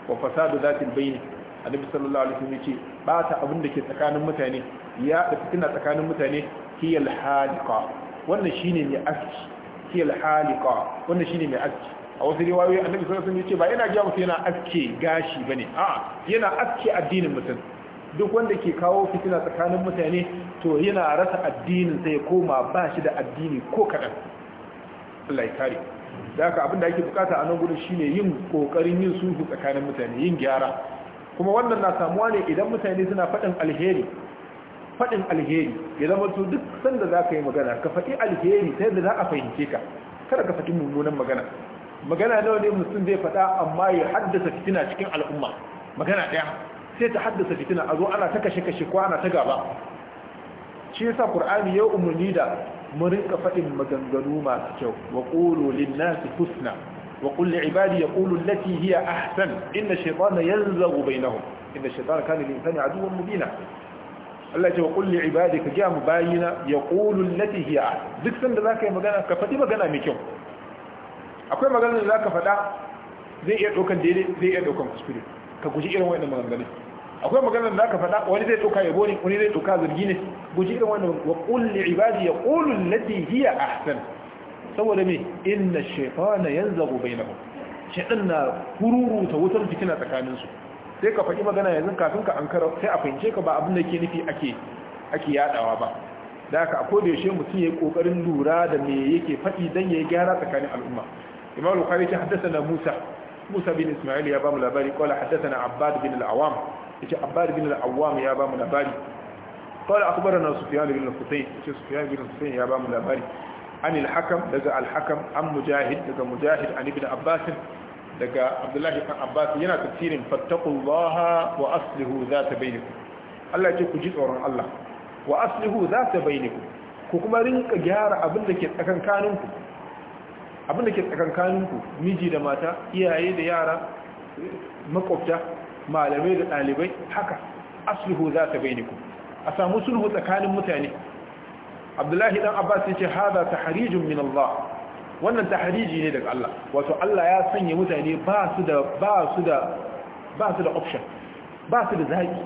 wa fasadu zatil bayni annabi sallallahu alaihi wasallam yace ba ta abin da ke tsakanin mutane ya da fitina tsakanin mutane kiyal haliqa wannan shine mai aski kiyal haliqa wannan shine mai aski a wasu riwayoyi annabi sallallahu alaihi wasallam yace ba yana ga mutum yana aske gashi bane a'a yana aske addinin mutum duk wanda ke kawo fitina tsakanin mutane to yana rasa addinin sai koma ba shi da addini ko kadan Allah ya kare da haka abin da ake bukata a nan gudun shine yin kokarin yin sulhu tsakanin mutane yin gyara kuma wannan na samuwa ne idan mutane suna faɗin alheri faɗin alheri ya zama su duk sanda za ka yi magana ka faɗi alheri ta yadda za a fahimce ka kada ka faɗi mummunan magana magana nawa ne mutum zai faɗa amma ya haddasa fitina cikin al'umma magana ɗaya sai ta haddasa fitina a zo ana ta kashe kashe ko ana ta gaba shi yasa qur'ani ya umarni da mu rinka faɗin maganganu masu kyau wa qulu lin-nasi husna وقل لعبادي يقولوا التي هي أحسن إن الشيطان يلزغ بينهم إن الشيطان كان للإنسان عدوا مبينا التي وقل لعبادي كجاء مباينة يقولوا التي هي أحسن ذك سند ذاك مغانا كفتي مغانا ميكيو أكوي مغانا ذاك فدا zai iya ɗaukan daidai zai iya ɗaukan kuskure ka guji irin akwai maganar da aka faɗa wani zai ɗauka yabo ne wani zai ɗauka zargi ne guji irin wannan wa qul li ibadi yaqulu allati hiya ahsan saboda me inna shaytana yanzabu bainahum shaytan na hururu ta wutar fitina tsakanin su sai ka faɗi magana yanzu kafin ka ankara sai a fahimce ka ba abin da ke nufi ake ake yadawa ba da aka a koda yaushe mutum yi ƙoƙarin lura da me yake faɗi dan yayi gyara tsakanin al'umma imam al-bukhari ya haddasa na musa musa bin isma'il ya ba mu labari qala haddathana abbad bin al-awam yace abbad bin al-awam ya ba mu labari قال أخبرنا سفيان بن الحسين سفيان بن الحسين يا بام labari. عن الحكم دقى الحكم عن مجاهد دقى مجاهد عن ابن عباس دقى عبد الله بن عباس ينا تفسير فاتقوا الله وأصله ذات بينكم الله يجيكم جزء الله وأصله ذات بينكم كوكما رنك جار أبنك أكن كانونكم abin da ke tsakankaninku miji da mata iyaye da yara makwabta malamai da ɗalibai haka aslihu za ta bai a samu sulhu tsakanin mutane abdullahi dan abbas yace hada tahrijun min Allah wannan tahriji ne daga Allah wato Allah ya sanya mutane ba su da ba su da ba su da option ba su da zaki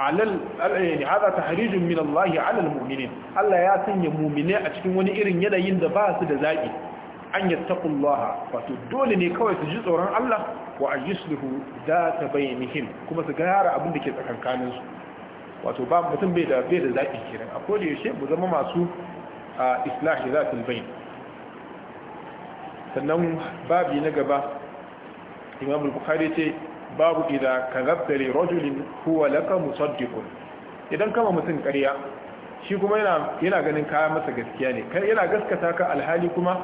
alal yani eh, hada tahrijun min Allah ala almu'minin Allah ya sanya mu'mine a cikin wani irin yanayin da ba su da zaki an yattaqullaha wato dole ne kawai su ji tsoron Allah wa ajisluhu da tabayyinihim kuma su gyara abin da ke tsakankaninsu wato ba mutum bai da bai da zaki kiran a koda yaushe mu zama masu islahi zatul bayn sannan babi na gaba imam al-bukhari ce babu idza kadhabta li rajulin huwa laka musaddiqun idan kama mutum ƙarya shi kuma yana yana ganin ka masa gaskiya ne kai yana gaskata ka alhali kuma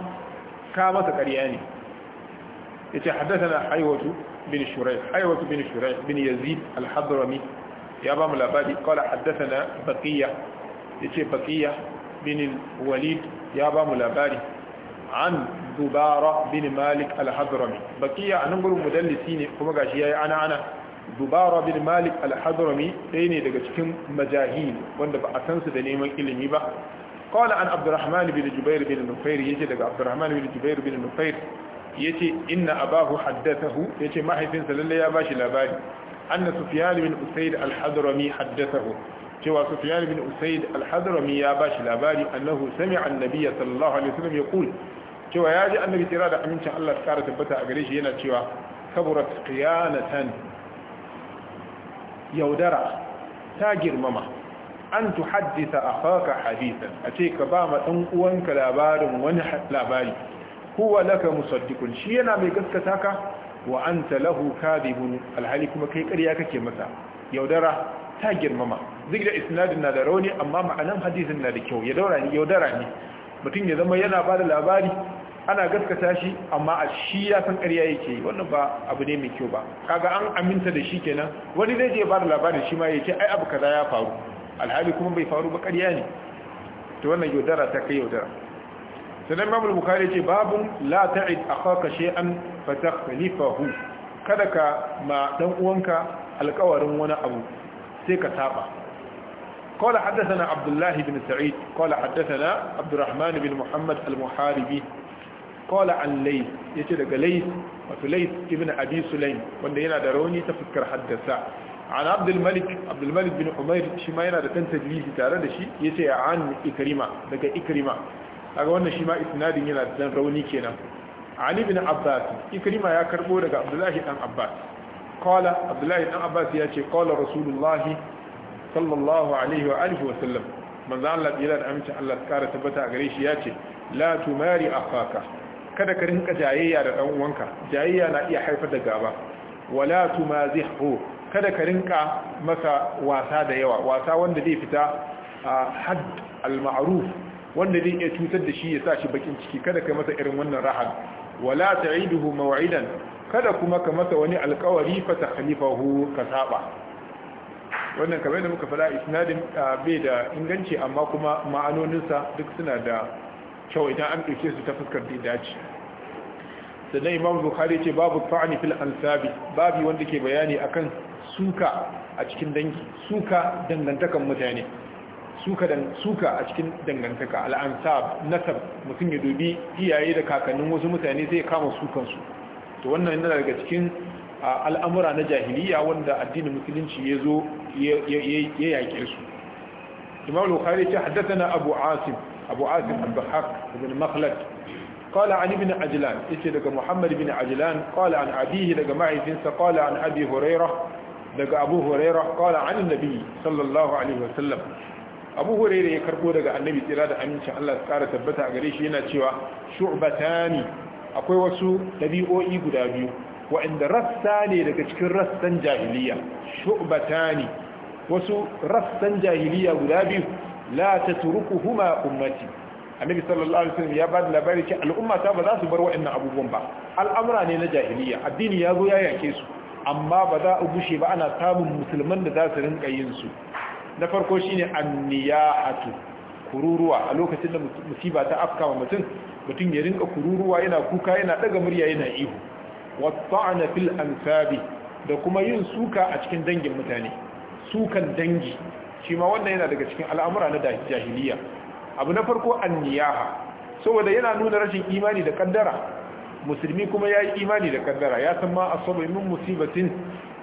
ka masa ƙarya ne yace haddathana aywatu bin shuraih aywatu bin shuraih bin yazid al ya ba mu labari qala haddathana baqiya ce baqiya bin walid ya ba mu labari an dubara bin malik alhazrami hadrami baqiya anan gurin mudallisi ne kuma ya yi ana ana dubara bin malik alhazrami hadrami dai ne daga cikin majahil wanda ba a san su da neman ilimi ba قال عن عبد الرحمن بن جبير بن نفير يجي دغ عبد الرحمن بن جبير بن نفير yace inna abahu haddathahu yace mahaifinsa lalle ya shi labari anna sufyan bin usayd al-hadrami haddathahu cewa sufyan bin usayd al-hadrami ya bashi labari annahu sami'a an-nabiy sallallahu alaihi wasallam yaqul cewa ya ji annabi tsira da amincin Allah ta tabbata a gare shi yana cewa kaburat qiyanatan yaudara ta girmama an tuhaddisa akhaka hadithan a ce ka ba ma dan uwanka labarin wani labari huwa laka musaddiqun shi yana mai gaskata ka wa anta lahu kadibun alhali kuma kai ƙarya kake masa yaudara ta girmama duk da isnadin na da rauni amma ma'anan hadisin na da kyau yaudara ne yaudara ne mutum ya zama yana bada labari ana gaskata shi amma a shi ya san ƙarya yake yi wannan ba abu ne mai kyau ba kaga an aminta da shi kenan wani zai je ba da labarin shi ma yake ai abu kaza ya faru alhali kuma bai faru ba ƙarya ne to wannan yaudara ta kai yaudara sannan mamul bukari ce babu la ta'id a kawaka she'an fatah halifahu kada ka ma dan uwanka alkawarin wani abu sai ka saba kawai haddasa abdullahi bin sa'id kawai haddasa na abdurrahman bin muhammad al-muharibi an lais ya ce daga lais wasu lais ibn abi sulaim wanda yana da rauni ta fuskar haddasa an abdulmalik abdulmalik bin umar shi ma yana da ɗan lisi tare da shi ya ce a an ikirima daga ikirima kaga wannan shi ma isnadin yana da dan rauni kenan ali bin abbas ikrima ya karbo daga abdullahi dan abbas qala abdullahi dan abbas ya ce qala rasulullah sallallahu alaihi wa alihi wa sallam manzo Allah ya yarda amince Allah kara tabbata a gare shi ya ce la tumari akhaka kada ka rinka jayayya da dan uwanka jayayya na iya haifar da gaba wala tumazihu kada ka rinka masa wasa da yawa wasa wanda zai fita had al-ma'ruf wanda zai iya cutar da shi ya sa shi bakin ciki kada ka masa irin wannan rahab wala ta'iduhu maw'idan kada kuma ka masa wani alkawari fa khalifahu ka saba wannan kamar da muka fada isnadin bai da inganci amma kuma ma'anoninsa duk suna da kyau idan an ɗauke su ta fuskar da dace sannan imam bukhari ce babu fa'ani fil ansabi Babu wanda ke bayani akan suka a cikin dangi suka dangantakan mutane suka a cikin dangantaka al'ansab nasab mutum ya dubi iyaye da kakannin wasu mutane zai kama sukansu to wannan yana daga cikin al'amura na jahiliya wanda addinin musulunci ya zo ya yaƙe su imam bukhari ce haddathana abu asim abu asim al-bahaq ibn makhlad qala an ibn yace daga muhammad ibn ajlan qala an abihi daga mahaifinsa qala an abi hurairah daga abu hurairah qala an nabi sallallahu alaihi abu da ya karbo daga annabi tsira da amincin Allah kara tabbata a gare shi yana cewa shu'batani akwai wasu dabi'o'i guda biyu wa'inda rassa ne daga cikin rassan jahiliya shu'batani wasu rassan jahiliya guda biyu la tatrukuhuma ummati annabi sallallahu alaihi wasallam ya ba da labari ce al'umma ta ba za su bar wa'annan abubuwan ba al'amura ne na jahiliya addini ya zo ya yake su amma ba za a gushe ba ana samun musulman da za su rinka yin su na farko shi shine anniyahatu kururuwa a lokacin da musiba ta afka wa mutum mutum ya rinka kururuwa yana kuka yana daga murya yana ihu wata'ana fil ansabi da kuma yin suka a cikin dangin mutane sukan dangi shi ma wannan yana daga cikin al'amura na jahiliya abu na farko anniyaha saboda yana nuna rashin imani da kaddara musulmi kuma ya yi imani da kaddara ya san ma asabu min musibatin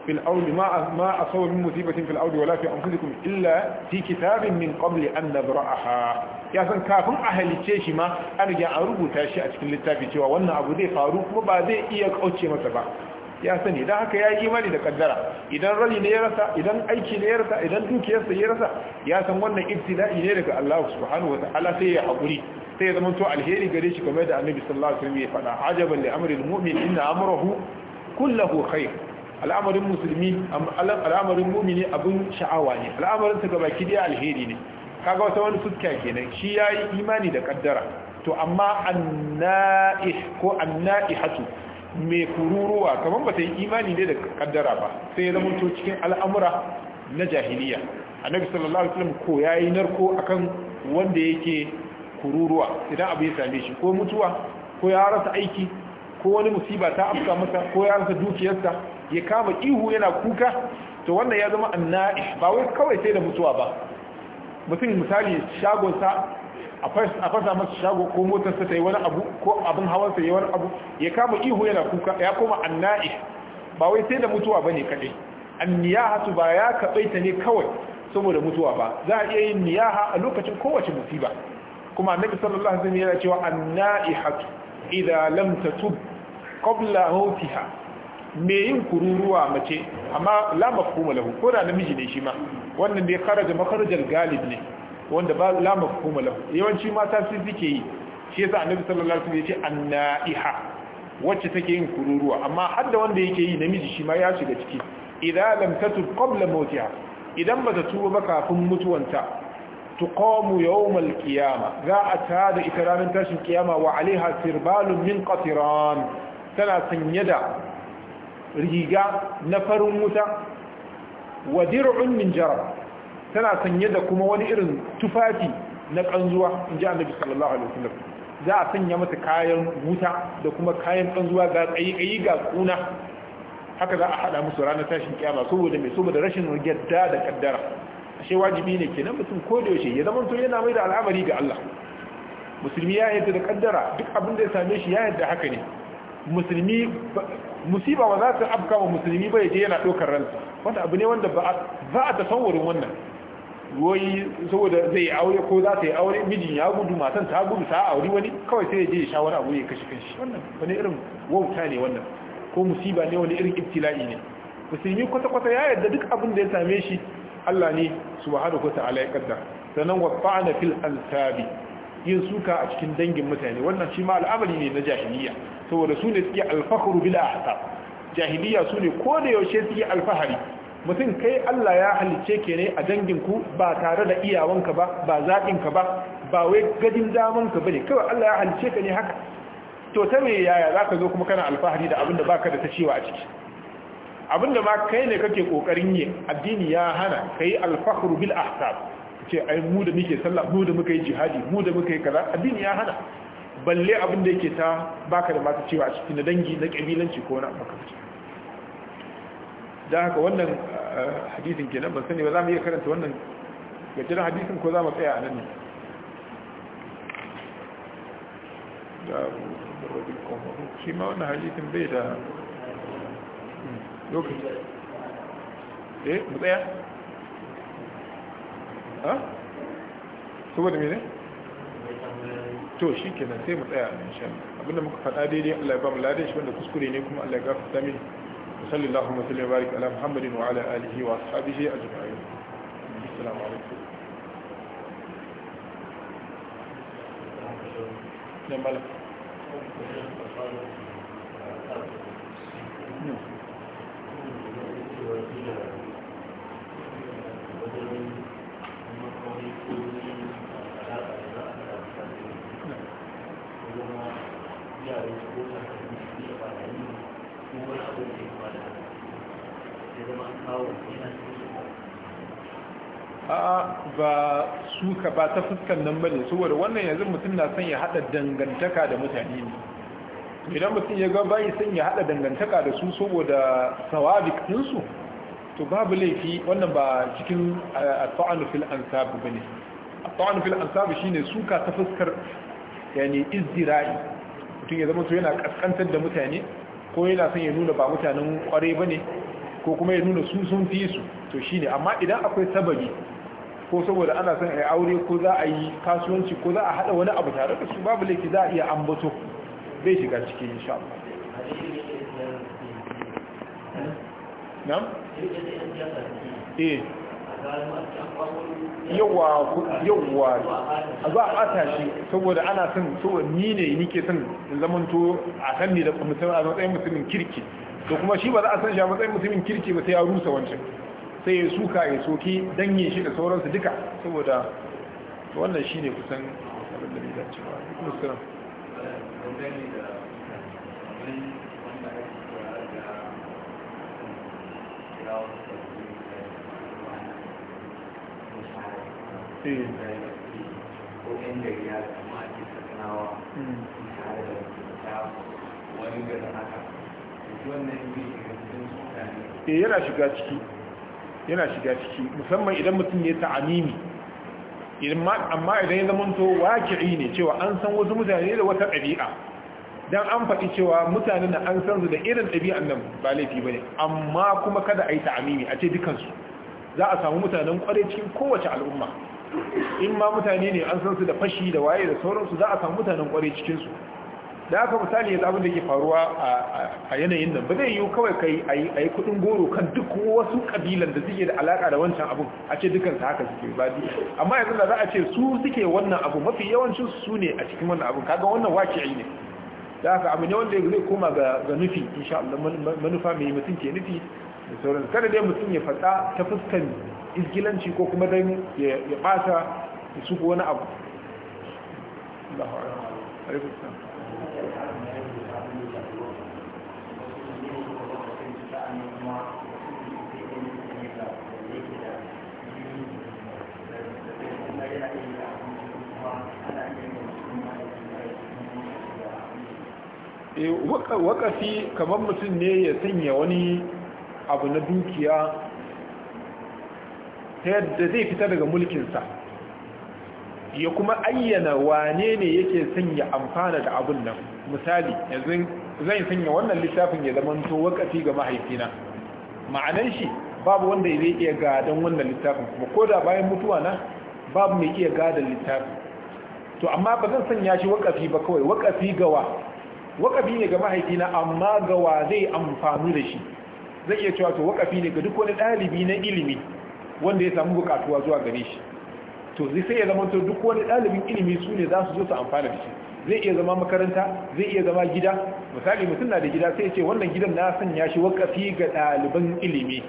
في الأرض ما ما أصاب من مصيبة في الأرض ولا في أنفسكم إلا في كتاب من قبل أن ya san kafin a halice shi ma an riga an rubuta shi a cikin littafi cewa wannan abu zai faru kuma ba zai iya kauce masa ba ya sani don haka ya yi imani da kaddara idan rani ne ya rasa idan aiki ne ya rasa idan dukiyarsa ya rasa ya san wannan ibtida'i ne daga allahu subhanahu wa ta'ala sai ya haƙuri sai ya zamanto alheri gare shi game da annabi sallallahu alaihi wasallam ya faɗa ajaban li amril mu'min inna amrahu kullahu khair al'amarin musulmi al'amarin mumini abun sha'awa ne al'amarin ta gabaki dai alheri ne kaga wata wani fuska kenan shi yi imani da kaddara to amma anna'ih ko anna'ihatu mai kururuwa kamar ba ta yi imani ne da kaddara ba sai ya zama cikin al'amura na jahiliya annabi sallallahu alaihi wasallam ko yayi narko akan wanda yake kururuwa idan abu ya same shi ko mutuwa ko ya rasa aiki ko wani musiba ta afka masa ko ya rasa dukiyarsa ya kama ihu yana kuka to wannan ya zama anna'i ba wai kawai sai da mutuwa ba mutum misali shagonsa a fasa masa shago ko motarsa ta yi wani abu ko abin hawansa ya yi wani abu ya kama ihu yana kuka ya koma anna'i ba wai sai da mutuwa ba ne kaɗai anniyahatu ba ya ta ne kawai saboda mutuwa ba za a iya yin niyaha a lokacin kowace musiba kuma annabi sallallahu alaihi wasallam yana cewa annaihatu idza lam tatub qabla mawtiha me yin kururuwa mace amma la mafhuma lahu ko da namiji ne shi ma wannan dai kharaja makharajal galib ne wanda ba la mafhuma lahu yawanci mata sun suke yi shi yasa annabi sallallahu alaihi wasallam ce annaiha wacce take yin kururuwa amma har da wanda yake yi namiji shi ma ya shiga ciki idan lam tatub qabla mawtiha idan ba ta tuba ba kafin mutuwanta tuqamu yawmal qiyama za a tada ita ranar tashin kiyama wa alaiha sirbalun min qatiran tana sanye da riga na farin wuta wa dir'un min jarab tana sanye da kuma wani irin tufafi na kanzuwa inji annabi sallallahu alaihi wasallam za a sanya mata kayan wuta da kuma kayan kanzuwa ga tsayi ga kuna haka za a hada musu ranar tashin kiyama saboda mai saboda rashin yadda da kaddara ashe wajibi ne kenan mutum ko da yaushe ya zama to yana mai da al'amari ga Allah musulmi ya yadda da kaddara duk abin da ya same shi ya yadda haka ne musulmi musiba ba za ta afka wa musulmi ba yaje yana ɗaukar ransa wanda abu ne wanda ba a tasawurin wannan wai saboda zai aure ko za ta yi aure mijin ya gudu matan ta gudu ta aure wani kawai sai je ya sha wani abu ne ya kashe kanshi wannan wani irin wauta ne wannan ko musiba ne wani irin ibtila'i ne musulmi kwata-kwata ya yarda duk abin da ya same shi Allah ne subhanahu wa ta'ala ya kaddara sannan wa fa'ana fil ansabi yin suka a cikin dangin mutane wannan shi ma al'amari ne na jahiliya saboda su ne suke alfahuru bila ahsab jahiliya su ne ko da yaushe suke alfahari mutum kai Allah ya halice ke ne a danginku ba tare da iyawanka ba ba zaɗinka ba ba wai gadin damanka ba ne kawai Allah ya halice ka ne haka to ta me yaya za ka zo kuma kana alfahari da abinda ba ka da ta a ciki abinda ma kai ne kake ƙoƙarin yi addini ya hana ka yi alfahru bil ahsab ce ai mu da muke sallah mu da muka yi jihadi mu da muka yi kaza addini ya hana balle abin da yake ta baka da masu cewa a cikin dangi na kabilanci ko na makamci da haka wannan ah, hadisin kenan ban sani ba za mu iya karanta wannan gajeren hadisin ko za mu tsaya a nan ne da shi ma wannan hadisin bai da hmm, lokaci eh mu tsaya ha saboda mene to shi kenan sai mu tsaya insha abinda muka faɗa daidai Allah ya ba mu ladan shi wanda kuskure ne kuma Allah ya gafarta mini وصلى اللهم وسلم وبارك على محمد وعلى اله واصحابه اجمعين السلام عليكم يا ملك No. abin su a ba suka ba ta fuskan nan bane saboda wannan yanzu mutum na son ya hada dangantaka da mutane ne idan mutum ya ga bai son ya hada dangantaka da su saboda sawabik ɗinsu to babu laifi wannan ba cikin eh, al-ta'anu fil ansab bane a taanu fil ansab shine suka ta fuskar yani izdira'i mutum ya zama to yana kaskantar da mutane ko yana son ya nuna ba mutanen kware ba ne ko kuma ya nuna su sun fi su to shi ne amma idan akwai sababi ko saboda ana son a yi aure ko za a yi kasuwanci ko za a haɗa wani abu tare da su babu laifi za a iya ambato bai shiga cikin insha yawa yawa za a ɓata shi saboda ana sun saboda ni ne nike son zamanto a kan ne da a matsayin mutumin kirki to kuma shi ba za a san shi a matsayin mutumin kirki ba sai ya rusa wancan sai ya suka ya soke danye shi da sauransu duka saboda wannan shi ne kusan abin da bai cewa. duk musulun Thank you. Hmm. Eh, yana shiga ciki yana shiga ciki musamman idan mutum ya ta'amimi amma idan ya zama to waki'i ne cewa an san wasu mutane da wata ɗabi'a don an faɗi cewa mutane na an san su da irin ɗabi'an nan ba laifi ba ne, amma kuma kada a yi ta'amimi a ce dukansu za a samu mutanen kwarai cikin kowace al'umma in ma mutane ne an san su da fashi da waye da sauransu za a samu mutanen kwarai cikin su da aka misali yanzu abin da ke faruwa a yanayin nan ba zai yiwu kawai kai a yi kudin goro kan duk wasu kabilan da suke da alaka da wancan abun a ce dukansu haka suke ba amma yanzu da za a ce su suke wannan abu mafi yawancin su ne a cikin wannan abin kaga wannan waki ai ne da aka abu ne wanda zai koma ga nufi insha Allah manufa mai mutum ke nufi da sauran kada dai mutum ya fada ta fuskan izgilanci ko kuma dan ya bata da su wani abu eh, wakafi kamar mutum ne ya sanya wani abu na dukiya ta yadda zai fita daga mulkinsa ya kuma ayyana wane ne yake sanya amfana da abin nan misali yanzu zan sanya wannan littafin ya zama to wakati ga mahaifina ma'anar shi babu wanda zai iya gadon wannan littafin kuma ko da bayan mutuwa na babu mai iya gadon littafin to amma ba zan sanya shi wakati ba kawai wakati gawa wakafi ne ga mahaifina amma gawa zai amfanu da shi zai iya cewa to wakafi ne ga duk wani ɗalibi na ilimi wanda ya samu bukatuwa zuwa gare shi to sai ya zama duk wani ɗalibin ilimi su ne za su zo su amfana da shi zai iya zama makaranta zai iya zama gida misali mutum na da gida sai ya ce wannan gidan na sanya shi wakafi ga ɗaliban ilimi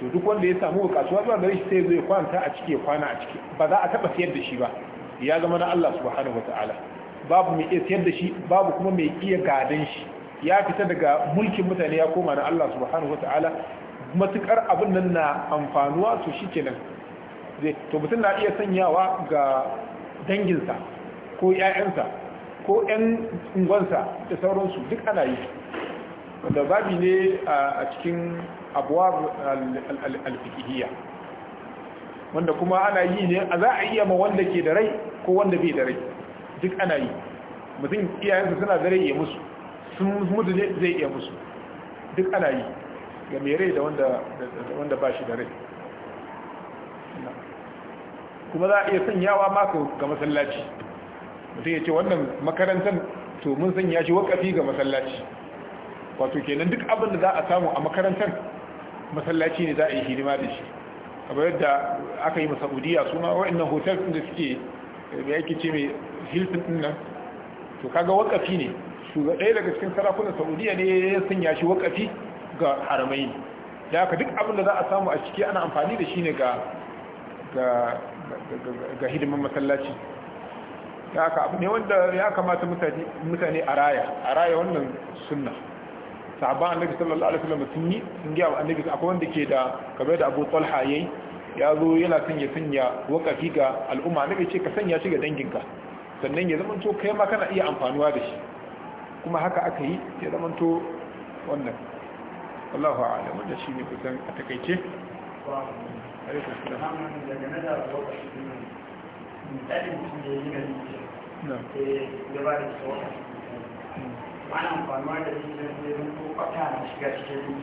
To duk wanda ya samu bukatuwa zuwa gare shi sai zai kwanta a ciki kwana a ciki ba za a taba siyar da shi ba ya zama na Allah subhanahu wataala babu mai iya siyar da shi babu kuma mai iya gadan shi ya fita daga mulkin mutane ya koma na Allah subhanahu wataala matukar abin nan na amfanuwa to shi kenan zai to mutum na iya sanyawa ga danginsa ko 'ya'yansa ko 'yan unguwansa da sauransu duk ana yi wanda babi ne a cikin abuwar alfikihiyya wanda kuma ana yi ne a za a iya ma wanda ke da rai ko wanda bai da rai duk ana yi mutum iyayensa suna da rai ya musu sun mutu zai iya musu duk ana yi ga mai rai da wanda ba shi da rai kuma za a iya sanyawa mako ga masallaci mutum ya ce wannan makarantar to mun sanya shi wakafi ga masallaci wato kenan duk abin da za a samu a makarantar masallaci ne za a yi hidima da shi abu yadda aka yi masaudiya suna ma wa'annan hotel da suke da yake ce mai hilton din nan to kaga wakafi ne ga ɗaya daga cikin sarakunan saudiya ne ya sanya shi wakafi ga haramai da aka duk abin da za a samu a ciki ana amfani da shi ne ga hidimin masallaci da aka abu ne wanda ya kamata mutane a raya a raya wannan suna sahabban annabi sallallahu alaihi wasallam sun yi sun ga annabi akwai wanda ke da kabe da Abu Talha yayi ya zo yana son ya sanya wakafi ga al'umma annabi ce ka sanya shi ga danginka sannan ya to kai ma kana iya amfanuwa da shi kuma haka aka yi ya to wannan wallahu a'lam wannan shine kusan a takeice ana amfanuwa da eh. da eh. ya zanto na shiga cikin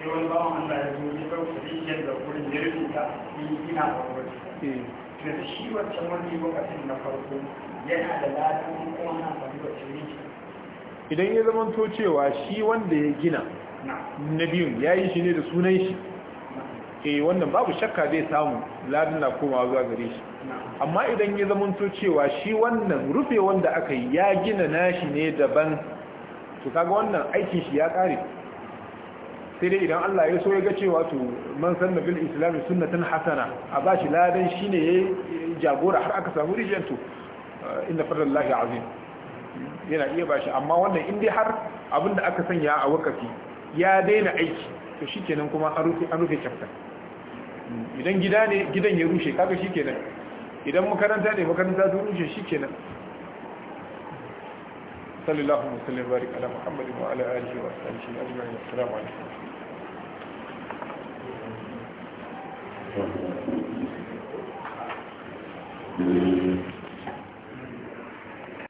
sai wani ya zo ya ɗauka rijiyar da wurin ya ta yi ina farwar da shi wancan wani lokacin na farko yana da ladan kuma na farwar rijiyar idan ya to cewa shi wanda ya gina na biyun ya yi shi ne da sunan shi eh wannan babu shakka zai samu ladin na komawa zuwa gare shi amma idan ya to cewa shi wannan rufe wanda aka yi ya gina nashi ne daban to kaga wannan aikin shi ya kare sai dai idan Allah ya so ya ga cewa to man sanna bil islam sunnatan hasana a bashi ladan shine ya jagora har aka samu rijiyar to eh, inna fadlallahi azim yana iya ba shi amma wannan in har abin da aka sanya a wakafi ya daina aiki to shikenan kuma an rufe chapter idan gida ne gidan ya rushe kaga shikenan idan makaranta ne makaranta ta rushe shikenan sallallahu alaihi barik ala muhammadin wa ala alihi wa ajma'in assalamu alaikum Thank you.